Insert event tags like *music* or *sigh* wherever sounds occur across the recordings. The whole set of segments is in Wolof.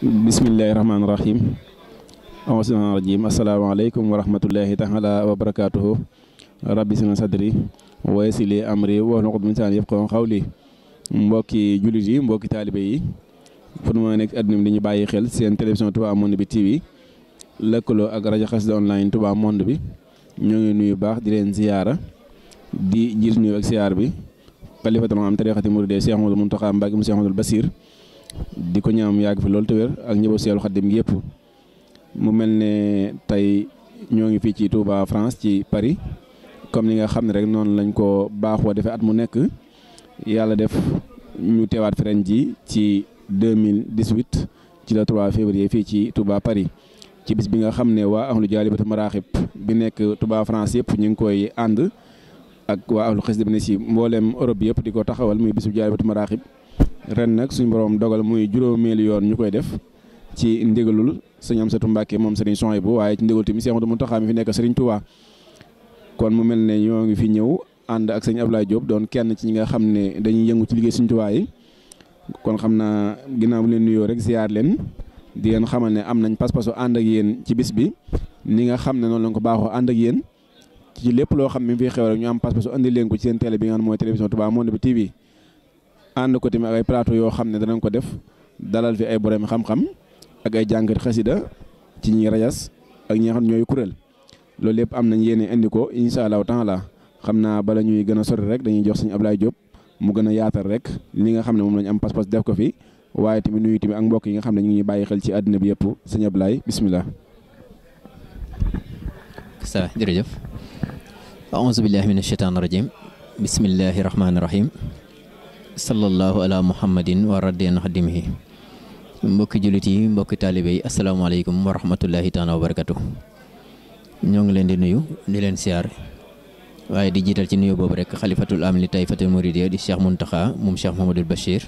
بسم الله الرحمن الرحيم أوسنا رجيم السلام عليكم ورحمة الله تعالى وبركاته ربي سنة صدري ويسلي أمري ونقد من ثاني يبقى خولي مبكي جولي جيم مبكي تالبي فنوانك أدنم لني باي خل سين تلفزيون توبا موند بي تي في لكلو أغراج خاص دون لاين توبا موند بي نيو نيو باخ دي لين زيارة دي جيل نيو اك زيار بي خليفة الإمام تاريخ تيمور دي شيخ محمد المنتقى مباكي di ko ñaam yàgg fi loolu te ak njëbo seelu xaddim gi yëpp mu mel ne tey ñoo ngi fii ci Touba France ci Paris comme ni nga xam ne rek noonu lañ ko baaxoo defee at mu nekk yàlla def ñu teewaat fi ji ci mille 2018 ci la 3 février fii ci Touba Paris ci bis bi nga xam ne waa ahlu jaalibatu maraaxib bi nekk Touba France yëpp ñu ngi koy ànd ak waa ahlu xasida bi ne si mbooleem Europe bi yëpp di ko taxawal muy bisu jaalibatu maraaxib ren nag suñ borom dogal muy juróomeelu yoon ñu koy def ci ndigalul sëñ sa Mbàkke moom sëriñ Souhaïbou waaye ci ndigal tamit Cheikh Amadou Mountakha mi fi nekk sëriñ Touba kon mu mel ne ñoo ngi fi ñëw ànd ak sëñ Abdoulaye Diop doon kenn ci ñi nga xam ne dañuy yëngu ci liggéey sëriñ Touba yi kon xam naa ginnaaw bu leen nuyoo rek ziar leen di leen xamal ne am nañ pas-pasu ànd ak yéen ci bis bi ni nga xam ne noonu lañ ko baaxoo ànd ak yéen ci lépp loo xam mi fi xew rek ñu am pas-pasu andi leen ko ci seen télé bi nga xam mooy télévision Touba Monde bi TV ànd ko tamit ak ay plateau yoo xam ne danañ ko def dalal fi ay borom xam-xam ak ay jàngat xasida ci ñi rajas ak ñi nga xam ñooy kuréel loolu lépp am nañ yéene indi ko incha allahu taala xam naa bala ñuy gën a sori rek dañuy jox sëñ Ablaye Diop mu gën a yaatal rek li nga xam ne moom lañ am pas-pas def ko fi waaye tamit nuyu tamit ak mbokk yi nga xam ne ñu ngi bàyyi xel ci àddina bi yëpp sëñ Ablaye bisimilah. ça jërëjëf. aouzu billahi min acheytaan rajim bismillahi rahmaani rahim. sallallahu ala muhammadin wa radiyan xadimihi mbokki jullit yi mbokki taalibe yi asalaamaaleykum wa rahmatullahi taala wa barakatu ñoo ngi leen di nuyu ni leen siyaar waaye di jiital ci nuyu boobu rek xalifatul am li tayfatul muridiya di cheikh muntaxa moom cheikh mahamadul bachir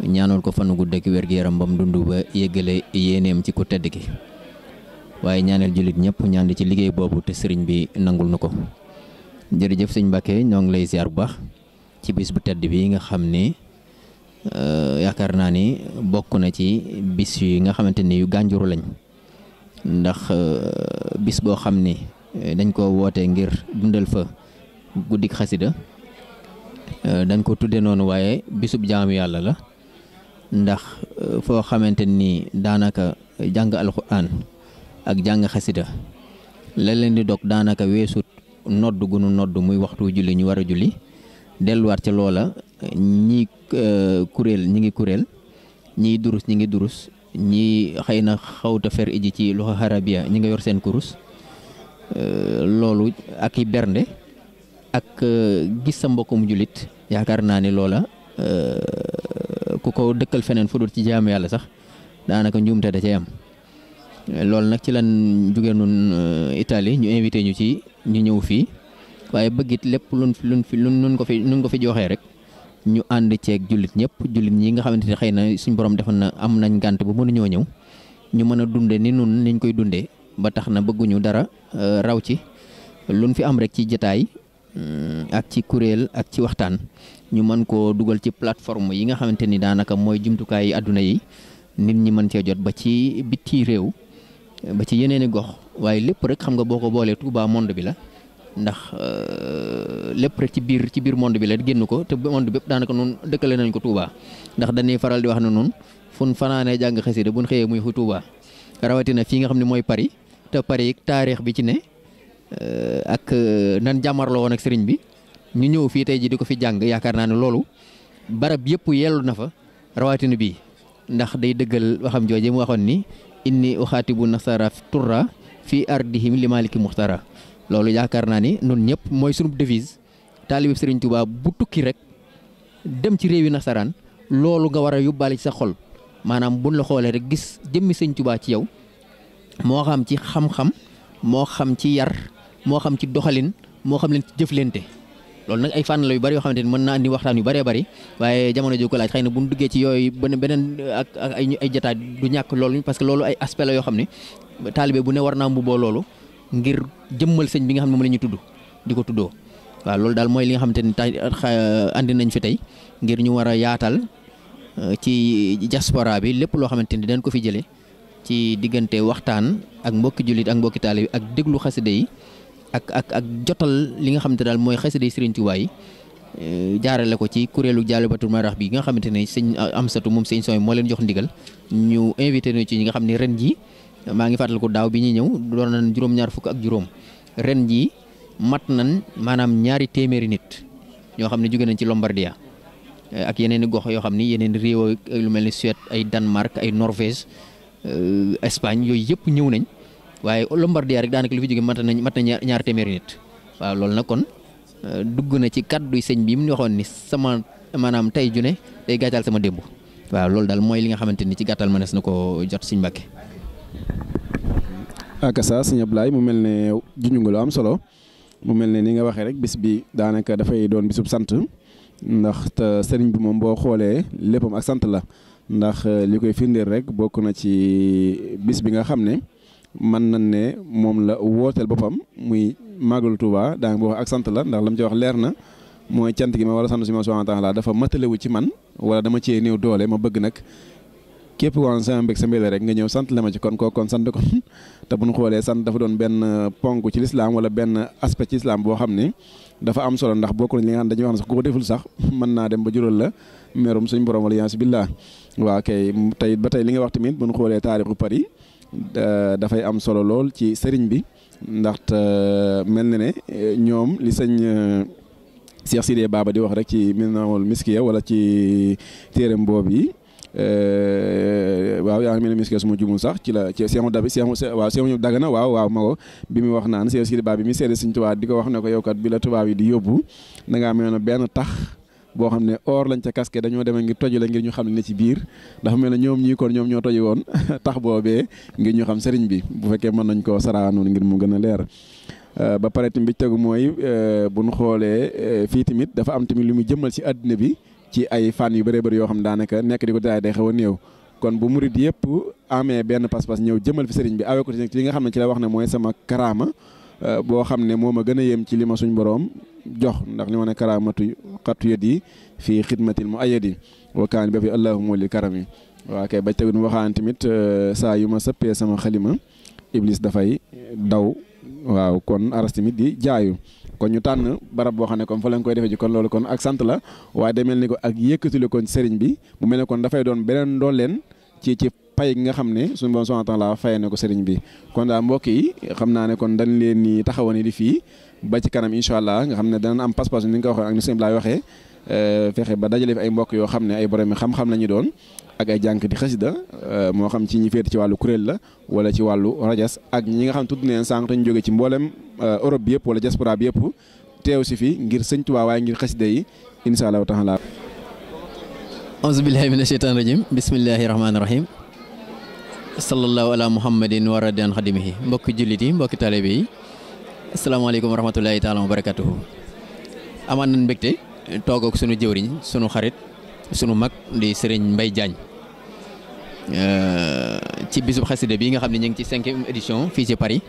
ñaanoon ko fanu gudd ak wér gu yaram bam dund ba yéggale yéeneem ci ku tedd ki waaye ñaaneel jullit ñëpp ñaandi ci liggéey boobu te sëriñ bi nangul nu ko jërëjëf sëñ Mbàkke ñoo ngi lay ziar bu baax ci bis bu tedd bi nga xamni euh yakarna ni bokku na ci bis yi nga xamanteni ni yu ganjuru lañ ndax euh, bis bo xamni euh, dañ ko wote ngir dundal fa guddik euh dañ ko tudde non waaye bisub jaamu yalla la ndax euh, fo xamanteni ni jang alquran ak jang xasida la leen di dog daanaka weesut noddu gunu noddu muy waxtu julli ñu wara julli delluwaat ci lola ñi eh, kurel, ñi ngi kurel ñi durus ñi ngi durus ñi xeyna xawta fer iji ci lu harabia ñi nga yor sen kurus eh, loolu ak bernde ak eh, gis sa mbokum julit yaakar naa ne loola ku ko dëkkal feneen fu ci jaamu yalla sax da ci am loolu nak ci lan jóge nun Italie ñu invité ñu ci ñu ñew fi waaye bëggit lépp luñ fi luñ fi luñ ko fi luñ ko fi joxee rek ñu ànd ceeg jullit ñëpp jullit ñi nga xamante ne xëy na suñ borom defoon na am nañ gànt bu mënuñoo ñëw ñu mën a dunde ni nun niñ koy dundee ba tax na bëgguñu dara euh, raw ci luñ fi am rek ci jataay mm, ak ci kuréel ak ci waxtaan ñu mën koo dugal ci plateforme yi nga xamante ni daanaka mooy jumtukaay àdduna yi nit ñi mën cee jot ba ci bitti réew ba ci yeneeni gox waaye lépp rek xam nga boo ko boolee Touba monde bi la ndax euh, lépp rek ci biir ci biir monde bi la génn ko te monde bépp daanaka noonu dëkkale nañ ko Touba ndax dañuy faral di wax na noonu fun fanaanee jàng xasida buñ xëyee muy fu Touba rawatina fii nga xam ne mooy Paris te Paris taarix bi ci ne euh, ak euh, nan jàmmarloo woon ak sëriñ bi ñu ñëw fii tey ji di ko fi jàng yaakaar naa ne loolu barab yëpp yellu na fa rawatina bi ndax day dëggal waxam jooje mu waxoon ni inni uxaatibu nasara turra fii ardihim li maliki muxtara loolu yaakaar naa ni nun ñëpp mooy sunu devise taalibe Sëriñ Tuubaa bu tukki rek dem ci réewi nasaraan loolu nga war a yóbbaale sa xol maanaam buñ la xoolee rek gis jëmmi Sëriñ Tuubaa ci yow moo xam ci xam-xam moo xam ci yar moo xam ci doxalin moo xam leen ci jëflante loolu nag ay fànn la yu bari yoo xamante ni mën naa andi waxtaan yu bëree bëri waaye jamono ji ko xëy na bu ñu duggee ci yooyu beneen ak ak ay ay jotaay du ñàkk loolu parce que loolu ay aspect la yoo xam ne taalibe bu ne war naa mbubboo loolu ngir jëmmal sëñ bi nga xam ne moom la tudd di ko tuddoo waaw loolu daal mooy li nga xamante ni tax andi nañ fi tey ngir ñu war a yaatal euh, ci diaspora bi lépp loo xamante ni dañ ko fi jëlee ci diggante waxtaan ak mbokki jullit ak mbokki taalibe ak déglu xasida yi ak ak ak jotal li nga xamante daal mooy xasida yi Sëriñ Tuubaa euh, jaarale ko ci kuréelu Jaalibatul Maraax bi nga xamante ne sëñ Amsatu moom sëñ Sooy moo leen jox ndigal ñu invité ñu ci ñi nga xam ne ren jii maa ngi fàttaliku daaw bi ñuy ñëw doon nañ juróom-ñaar fukk ak juróom ren jii mat nañ maanaam ñaari téeméeri nit ñoo xam ne jóge nañ ci Lombardia eh, ak yeneen i gox yoo xam ni yeneen réew lu mel ni Suède ay Danemark ay Norvège eh, Espagne yooyu yëpp ñëw nañ waaye Lombardia rek daanaka li fi jóge mat nañ mat na ñaar téeméeri nit waaw loolu na kon eh, dugg na ci kàddu sëñ bi mu waxoon ni sama maanaam tey ju day gàccal sama démb waaw loolu daal mooy li nga xamante ni ci gàttal mënees na ko jot Sëñ Mbàkke akasa sëñ mu mel ne juñu nga lu am solo mu mel ne ni nga waxee rek bis bi daanaka dafay doon bisub sant ndax te sëriñ bi moom boo xoolee léppam ak sant la ndax eh, li koy firndeel rek bokk na ci bis bi nga xam ne mën nañ ne la wooteel boppam muy màggalu Tuuba daanaka boo ak sant la ndax lam ci wax leer na mooy cant gi ma war a sant si ma subhaana taala dafa matalewu ci man wala dama cee néew doole ma bëgg nag képp ku woon sama mbég sa mbég la rek nga ñëw sant la ma ci kon koo kon sant kon *laughs* te bu ñu xoolee sant dafa doon benn ponk ci lislaam wala benn aspect ci lislaam boo xam ni dafa am solo ndax bokk nañ li nga xam dañuy ku ko deful sax *laughs* mën naa dem ba jural la merum suñ borom wala yaasi billah waa kay tey ba tey li nga wax tamit bu ñu xoolee taarixu Paris euh, dafay am solo lool ci sëriñ bi ndax ndaxte euh, mel na ne euh, ñoom li sëñ Cheikh Sidé Baba di wax rek ci Minanul Miskiya wala ci téeram boobu yi Euh, waaw yaa ngi mel ne miske su ma jumul sax ci la ci Seexu Dabi Seexu waaw Seexu Dagana waaw waaw Mago bi mu wax naan Seex Sidi Baa bi mi seede Sëñ Tuubaa di ko wax ne ko yow kat bi la tubaab yi di yóbbu da ngaa mel ne benn tax boo xam ne oor lañ ca casque dañoo demee ngir toju la ngir ñu xam ne ci biir dafa mel ne ñoom ñii kon ñoom ñoo toju woon *laughs* tax boobee ngir ñu xam sëriñ bi bu fekkee mën nañ koo saraanoon ngir mu gën a leer euh, ba pare tamit bi tegu mooy euh, bu nu xoolee fii tamit dafa am tamit lu muy jëmmal ci àddina bi ci ay fànn yu bëree bëri yoo xam daanaka nekk di ko détaillé day xaw a néew kon bu murit yëpp amee benn pas-pas ñëw jëmal fi sëriñ bi awee ko ci li nga xam ne ci la wax ne mooy sama karaama euh, boo xam ne moo ma gën a yem ci li ma suñ boroom jox ndax li ma ne karaamatu xattu yët yi fii xidmatil mu ayat yi wakaan ba fi allahuma li karam yi waa kay ba tegun waxaan tamit euh, saa yu ma sëppee sama xalima iblis dafay daw waaw kon aras tamit di jaayu kon ñu tànn barab boo xam ne kon fa lañ koy defee ji kon loolu kon ak sant la waaye demel ni ko ak yëkkatile kon sëriñ bi mu mel kon dafay doon beneen ndooleen leen ci pay gi nga xam ne su suñu son a wa taala fayee na ko sëriñ bi kon daal mbokk yi xam naa ne kon dañ leen ni taxawani di fii ba ci kanam incha allah nga xam ne danañ am pas-pas ni nga ko waxee ak ni sëñ bi laay waxee euh, fexe ba dajale fi yoo xam ne ay borom xam-xam la ñu doon ak ay jànk di xasida euh, moo xam ci ñi féete ci wàllu kuréel la wala ci wàllu rajas ak ñi nga xam tudd neen sànq te ñu jóge ci mboolem Euh, Europe bi yëpp wala diaspora bi yëpp tew ci fi ngir seigne touba way ngir khassida yi inshallah taala. auzu billahi minash sheytaani rajim bismillahir rahmanir rahim. sallallahu ala muhammadin wa radian xadimihi mbok juliti mbok mbokki taalibe yi asalaamaaleykum taala wabarakatuh barakatuhu amaan nañ mbégte toog ak sunu jëwriñ sunu xarit sunu mag di Serigne jagne euh ci bisub khassida bi nga xamni ñing ci 5e edition fi ci Paris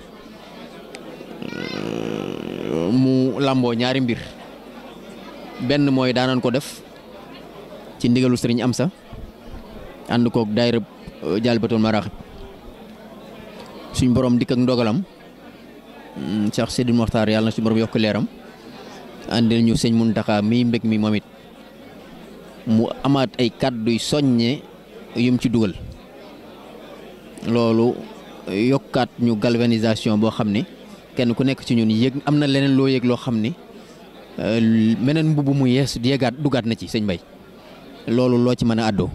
mu lambo ñaari mbir ben mooy daanan ko def ci ndigalu sëriñ Amsa and ko daire euh, Jalbatul Maraaxib suñ borom dik ak ndogalam mm, Cheikh Sidi Mokhtar yàlla suñ borom yok leeram andil ñu sëñ muntaka mi mbek mi momit mu amaat ay kaddu yum ci duggal lolu yokkat ñu galvanisation bo kenn ku nek ci ñun yëg amna leneen lo yëg lo xamni ni euh, meneen mu yes di na ci sëñ bay lolu lo ci mën a àddoo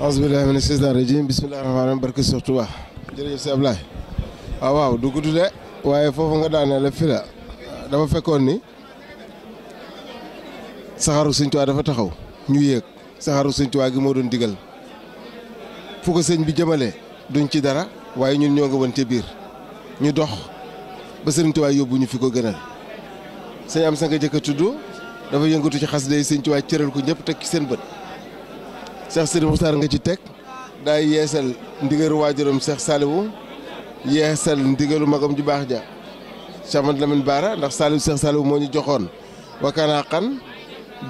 asbillahi mina rajim bismillahi rahmaani rahim barke Seex Tuubaa jërëjëf si ablay waaw ah, waaw du gudd de waaye foofu nga daane la fi la dafa fekkoon ni saxaaru sëñ Tuubaa dafa taxaw ñu yéeg saxaaru sëñ Tuubaa gi mo doon digal fu ko sëñ bi jëmele duñ ci dara waye ñun ñoo nga wonte bir ñu dox ba Sëriñ Tuubaa yóbbu ñu fi ko gënal sëñ am sa nga jëkk a tudd dafa yëngatu ci xas day Sëriñ Tuubaa cëral ko ñëpp teg ci seen bët Seex Sëriñ Muxtaar nga ci teg daay yeesal ndigalu waajuram Seex Saaliwu yeesal ndigalu magam ju baax ja Seex Mat Lamin Baara ndax Saaliwu Seex Saaliwu moo ñu joxoon wakkaanaa xan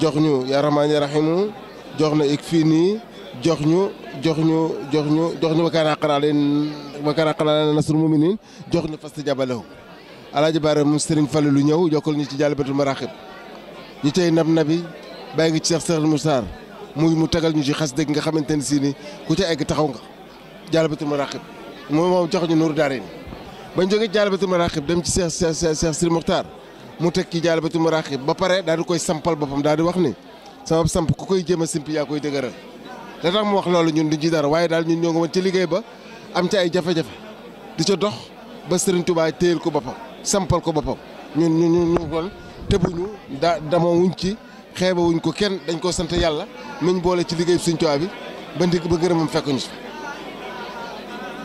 jox ñu yaa raxmaan jox na ik fii nii jox ñu jox ñu jox ñu jox ñu wakkaanaa xan wa kaana qalaana nasrul mu'minin jox ni fastajaba lahu alaaji baara moom sëriñ Fallu lu ñëw jokkal ñu ci jàllbatul maraaxib ñu tey nab nabi bàyyi ngi ci Seex Seexal Muxtaar mu mu tagal ñu ci xas dëgg nga xamante ne si ni ku ca egg taxaw nga jàllbatul maraaxib moom moom jox ñu nuuru daarayni bañ jógee ci jàllbatul maraaxib dem ci Seex Seex Seex Sëriñ Muxtaar mu teg ci jàllbatul maraaxib ba pare daal di koy sampal boppam daal di wax ni sama samp ku koy jéem a simpi yaa koy dëgëral da tax mu wax loolu ñun di ci dara waaye daal ñun ñoo nga woon ci liggéey ba am ci ay jafe-jafe di ca dox ba sëriñ tubaay téyel ko boppam sampal ko boppam ñun ñu ñu ñu kon tëbuñu da wuñ ci xeeba wuñ ko kenn dañ koo sant yàlla miñ boole ci liggéey Serigne Touba bi ba ndig ba gërëmam fekkuñu si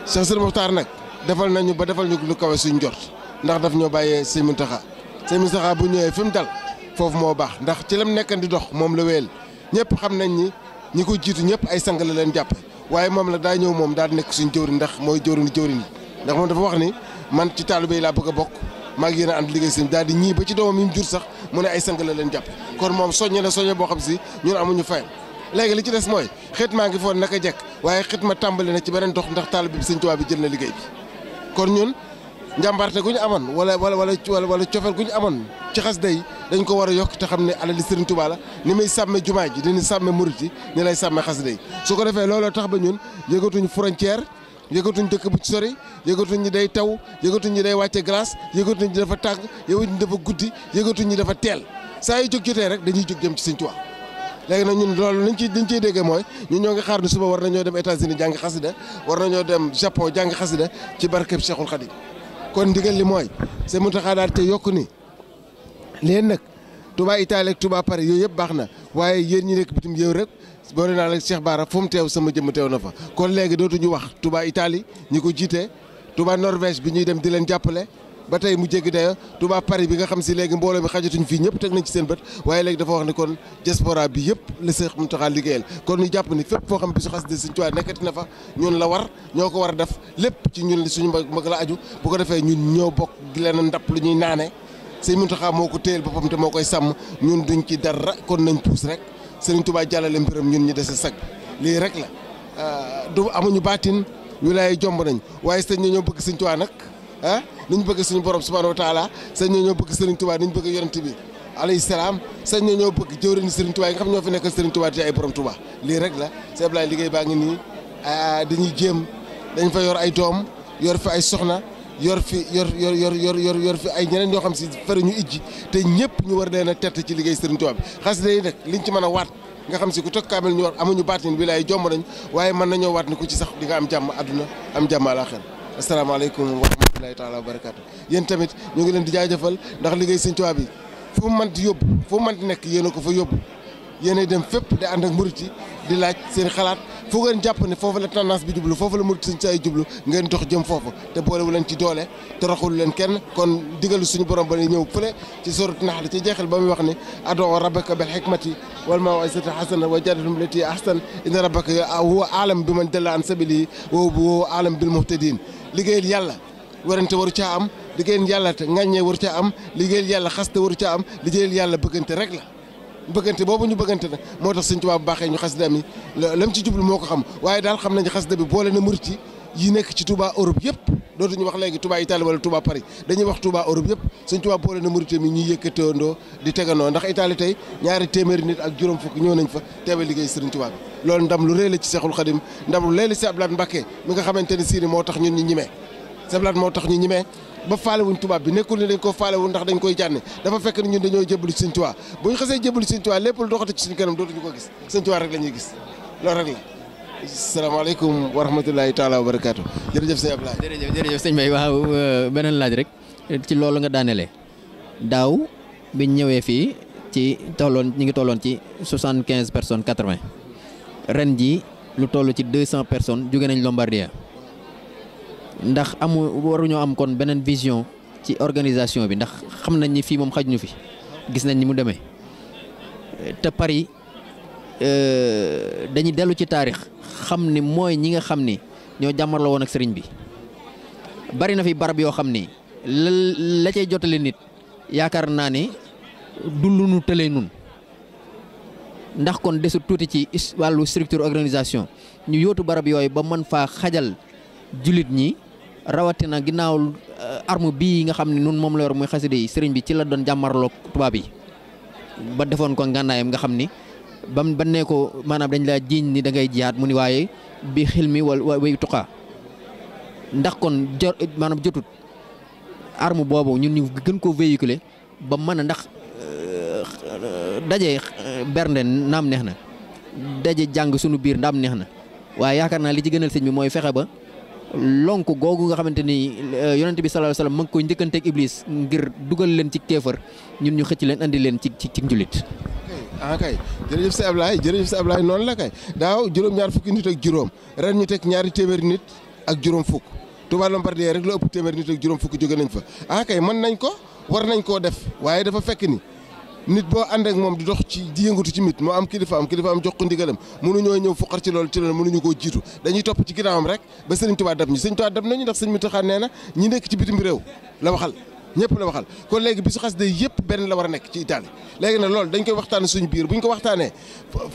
Cheikh Serigne Mokhtar nag defal nañu ba defal ñu lu kawe suñ jot ndax daf ñoo bàyyee Sëñ Muntaxa Sëñ Muntaxa bu ñëwee fi mu dal foofu moo baax ndax ci lam nekkan di dox moom la wéyal ñëpp xam nañ ni ñi ko jiitu ñëpp ay sang la leen jàppe waaye moom la daa ñëw moom daal nekk suñ jëwriñ ndax mooy jëwriñ jëwriñ ndax moom dafa wax ni man ci taalibe yi laa bëgg a bokk maa ngi yéen a ànd liggéey seen daal di ñii ba ci doomam yi mu jur sax mu ne ay sang la leen jàpp kon moom soññe na soññe boo xam si ñun amuñu fayam léegi li ci des mooy xet maa ngi foon naka jekk waaye xit ma tàmbali na ci beneen dox ndax taalibe bi sëñ Tuubaa bi jël na liggéey bi kon ñun njàmbarte gu ñu amoon wala wala wala wala cofeel gu ñu amoon ci de yi dañ ko war a yokk te xam ne alali Serigne Touba la ni muy sàmme jumaa ji dina sàmme murit yi ni lay sàmme xasida yi su ko defee looloo tax ba ñun yëgatuñ frontière yëgatuñ dëkk bu ci sori yëgatuñ ñi day taw yëgatuñ ñi day wàcce glace yëgatuñ ñi dafa tàgg yëgatuñ ñi dafa guddi yëgatuñ ñi dafa teel saa yu jóg jotee rek dañuy jóg jëm ci Serigne Touba léegi nag ñun loolu liñ ciy liñ ciy déggee mooy ñun ñoo ngi xaar ne suba war nañoo dem États-Unis jàng xasida war nañoo dem Japon jàng xasida ci barkeb Cheikhul Khadim kon ndigal li mooy sëñ Mountakha daal te yokku ni leen nag Touba Italie ak tubaa Paris yooyu yëpp baax na waaye yéen ñi nekk bitim yow rek boole naa la Cheikh baara fu mu teew sama jëmm teew na fa kon léegi dootuñu wax Touba Italie ñi ko jiite Touba Norvège bi ñuy dem di leen jàppale ba tey mu jéggi daya Touba Paris bi nga xam si léegi mbooloo mi xajatuñ fii ñëpp teg nañ ci seen bët waaye léegi dafa wax ne kon diaspora bi yëpp la Seex Muntaxa liggéeyal kon ñu jàpp ni fépp foo xam bisu xasida Sëñ Tuubaa nekkati na fa ñun la war ñoo ko war a def lépp ci ñun suñu mag la aju bu ko defee ñun ñoo bokk leneen ndap lu ñuy naane Sëñ Muntaxa moo ko téyel boppam te moo koy sàmm ñun duñ ci dara kon nañ puus rek Sëriñ Tuubaa jàllale mbiram ñun ñu si sag lii rek la euh, du amuñu baatin wilaay jomb nañ waaye sëñ ñoo bëgg Sëñ Tuubaa nag ah niñ bëgg suñu borom subhanahu wa taala sañ ñoo ñoo bëgg Serigne Touba niñ bëgg yonent bi alayhi salaam sañ ñoo ñoo bëgg jëwriñu Serigne Touba yi nga xam ñoo fi nekk Serigne Touba te ay borom lii rek la sëñ Ablaye liggéey baa ngi nii dañuy jéem dañ fa yor ay doom yor fi ay soxna yor fi yor yor yor yor yor yor ay ñeneen ñoo xam si fari ñu ijji te ñëpp ñu war leen a tett ci liggéey Serigne Touba bi xas day nag liñ ci mën a waat nga xam si ku tokk kaamel ñu war amuñu baatin bi laay jomb nañ waaye mën nañoo waat ni ku ci sax di nga am jàmm àdduna am jàmm àlaaxira asalaamaaleykum rahmatullahi taala wa barakaatu yéen tamit ñu ngi leen di jaajëfal ndax liggéey sëñ Tuubaa bi fu mu mënti yóbbu fu mu mënti nekk yéen a ko fa yóbbu yéen dem fépp di ànd ak murit yi di laaj seen xalaat fu ngeen jàpp ne foofu la tendance bi jublu foofu la murit sëñ Tuubaa yi jublu ngeen dox jëm foofu te boolewu leen ci doole te raxul leen kenn kon digalu suñu borom ba ne ñëw fële ci sorat naxal ci jeexal ba muy wax ne adoo rabbaka bil hikmati wal maw'izati hasana wa jadilhum lati ahsan inna rabbaka huwa aalam bi man dalla an sabilihi wa huwa aalam bil muhtadin liggéeyal yàlla werante waru caa am liggéeyal yàlla te waru caa am liggéeyal yàlla xaste waru caa am liggéeyal yàlla bëggante rek la bëggante boobu ñu bëggante nag moo tax suñ Tuubaa bu baaxee ñu xasida mi lam ci jublu moo ko xam waaye daal xam nañu xasida bi boole na murit yi yi nekk ci Touba Europe yëpp ñu wax léegi Touba Italie wala Touba Paris dañuy wax Touba Europe yëpp sëñ Touba boole na murit mi ñuy yëkkateendoo di tegandoo ndax Italie tey ñaari téeméeri nit ak juróom fukki ñëw nañ fa teewe liggéey sëriñ Touba bi loolu ndam lu rëy la ci Seexul Xadim ndam lu rëy la ci nga xamante ne siini moo tax ñun ñu ñimee Seblaat moo tax ñu ñimee ba faale wuñ tubaab bi nekkul ne dañ ko faale wuñ ndax dañ koy jànne dafa fekk ne ñun dañoo jébbalu ci Sëñ Tuubaa bu ñu xasee jébbalu ci Sëñ Tuubaa lépp lu doxati ci suñu kanam dootuñu ko gis Sëñ Tuubaa rek la ñuy gis loolu rek la. salaamaaleykum wa rahmatulahi taala wa barakaatu jërëjëf sëñ Ablaye. jërëjëf jërëjëf sëñ Mbaye waaw euh, beneen laaj rek ci loolu nga daaneele daaw biñ ñëwee fii ci tolloon ñu ngi tolloon ci soixante quinze personnes quatre vingt ren ji lu toll ci deux cent personnes jóge nañ Lombardia. ndax amu waruñoo am kon beneen vision ci organisation bi ndax xam nañ ni fii moom xaj ñu fi gis nañ ni mu demee te Paris euh, dañuy dellu ci taarix xam ni mooy ñi nga xam ni ñoo jàmmarloo woon ak sëriñ bi bari na fi barab yoo xam ni la la cay jotale nit yaakaar naa ni du lu nu tëlee nun ndax kon desut tuuti ci wàllu structure organisation ñu yootu barab yooyu ba mën faa xajal jullit ñi rawatina ginnaaw euh, arm bii nga xam ne nun moom la yor muy xasida yi sëriñ bi ci la doon jàmmarloog tubaab yi ba defoon ko ngànnaayam nga xam ni ba ba nee maanaam dañ laa jiiñ ni da ngay jiyaat mu ni waaye bi xil mi wala way tuqaa ndax kon jo maanaam jotut arme boobu ñun ñu gën koo véhiculer ba mën a ndax euh, daje euh, bernde naam neex na daje jàng sunu biir ndaam neex na waaye yaakaar naa li ci gënal sëñ bi mooy fexe ba lonk googu nga xamante ni euh, yonente bi sallallahu alayhi wasallam mu ngi koy njëkkanteeg iblis ngir dugal leen ci kéefër ñun ñu xëcc leen andi leen ci ci ci njulit. ah kay jërëjëf si Ablaye jërëjëf si Ablaye noonu la kay daaw juróom-ñaar fukki nit ak juróom ren ñu teg ñaari téeméeri nit ak juróom fukk Touba Lombardie rek lu ëpp téeméeri nit ak juróom fukk jóge nañ fa ah kay mën nañ ko war nañ koo def waaye dafa fekk ni. nit boo ànd ak moom di dox ci di yëngatu ci mit moo am kilifa am kilifa am jox ko ndigalam mënuñoo ñëw fuqar ci loolu ci loolu mënuñu koo jiitu dañuy topp ci ginnaawam rek ba sëriñ Tuubaa dab ñu sëriñ Tuubaa dab nañu ndax sëriñ Muntaxaa nee na ñi nekk ci bitim réew la waxal ñëpp la waxal kon léegi bi xas xasida yëpp benn la war a nekk ci Italie léegi nag loolu dañ koy waxtaane suñu biir bu ñu ko waxtaanee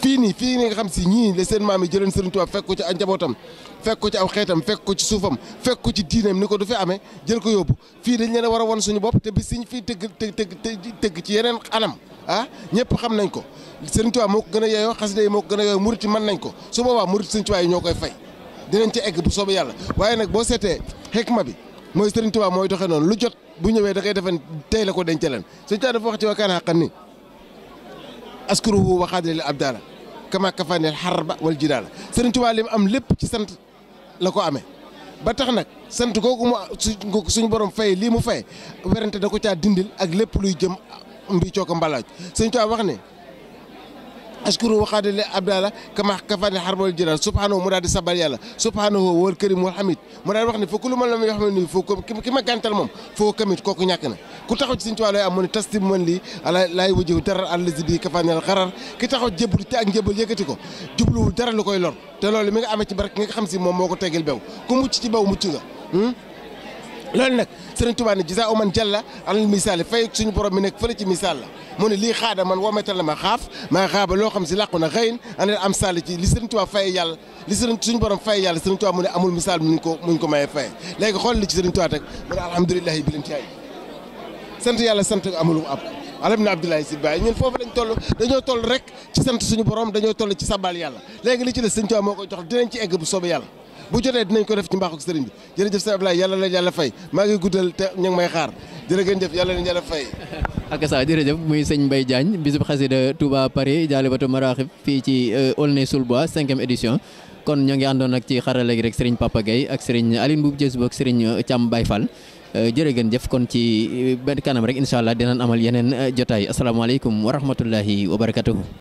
fii nii fii nii nga xam si ñii la seen maam yi jëleen Sëriñ Tuubaa fekk ko ci njabootam fekk ko ci aw xeetam fekk ko ci suufam fekk ko ci diineem ni ko du fi amee jël ko yóbbu fii dañ leen a war a won suñu bopp te bi siñ fii tëgg tëgg tëgg ci yeneen anam ah ñëpp xam nañ ko Sëriñ Tuubaa moo ko gën a yeyoo xasida yi moo ko gën a yeyoo murit yi nañ ko su boobaa murit Sëriñ Tuubaa yi ñoo koy fay dinañ egg bu yàlla waaye nag boo seetee xekma bi mooy Sëriñ Tuubaa mooy doxee noonu lu jot bu ñëwee da koy defen tey la ko denc leen sëñ dafa wax ci waa kaan xaqan ni askuruhu wa xaadilil abdaala kama kafanil xarba wal jidaala sëriñ waa li mu am lépp ci sant la ko amee ba tax nag sant kooku mu suñ borom fay lii mu fay werante da ko caa dindil ak lépp luy jëm mbi coo mbalaaj sëñ Tuubaa wax ne ashkuru waxaade le abdallah kama kafani xarbal jiran subhanahu mu daal di sabal yàlla subhanahu wal karim wal hamid mu daal di wax ne foofu lu ma la ma yoo xam ne nii foo ki ma gàntal moom foo kamit kooku ñàkk na ku taxaw ci suñu am mu ne tas tim man lii ala laay dara allazi bi kafani al ki taxaw jébbalu te ak njébbal yëkkati ko jubluwul dara lu koy lor te loolu mi nga amee ci barke nga xam si moom moo ko tegal bew ku loolu nak Serigne Touba ni jisa uman jalla al misal fay suñu borom mi nekk fële ci misal la mu ne lii xaada man wometal ma xaf ma xaba lo xam ci laquna xeyn xëyin am sal ci li Serigne Touba fay yàlla li Serigne suñu borom fay yàlla Serigne Touba mu ne amul misal muñ ko muñ ko maye fay legi xol li ci Serigne Touba tak mu alhamdullilah bi lin tay sant yàlla sant amul ab alam na abdullahi si Baye ñun fofu lañ tollu dañu toll rek ci sant suñu borom dañu toll ci sabal yàlla legi li ci Serigne Touba moko jox dinañ ci egg bu soobee yàlla bu jotee dinañ ko def ci mbaaxu sëriñ bi jërëjëf sëñ Ablaye yàlla la yàlla fay maa ngi guddal te ñu ngi may xaar jërë ngeen jëf yàlla leen ak sa jërëjëf muy sëñ Mbaye Diagne bisub xasida Touba Paris jaalibatu maraaxib fii ci euh, Aulnay-sous-le-Bois cinquième édition kon ñoo ngi àndoon ak ci xarala gi rek sëriñ Papa Gueye ak sëriñ Aline Boub Dias ak sëriñ cam Baye Fall euh, jërë ngeen jëf kon ci euh, benn kanam rek incha allah dinañ amal yeneen jotaay asalaamaaleykum wa rahmatullahi wa barakatuhu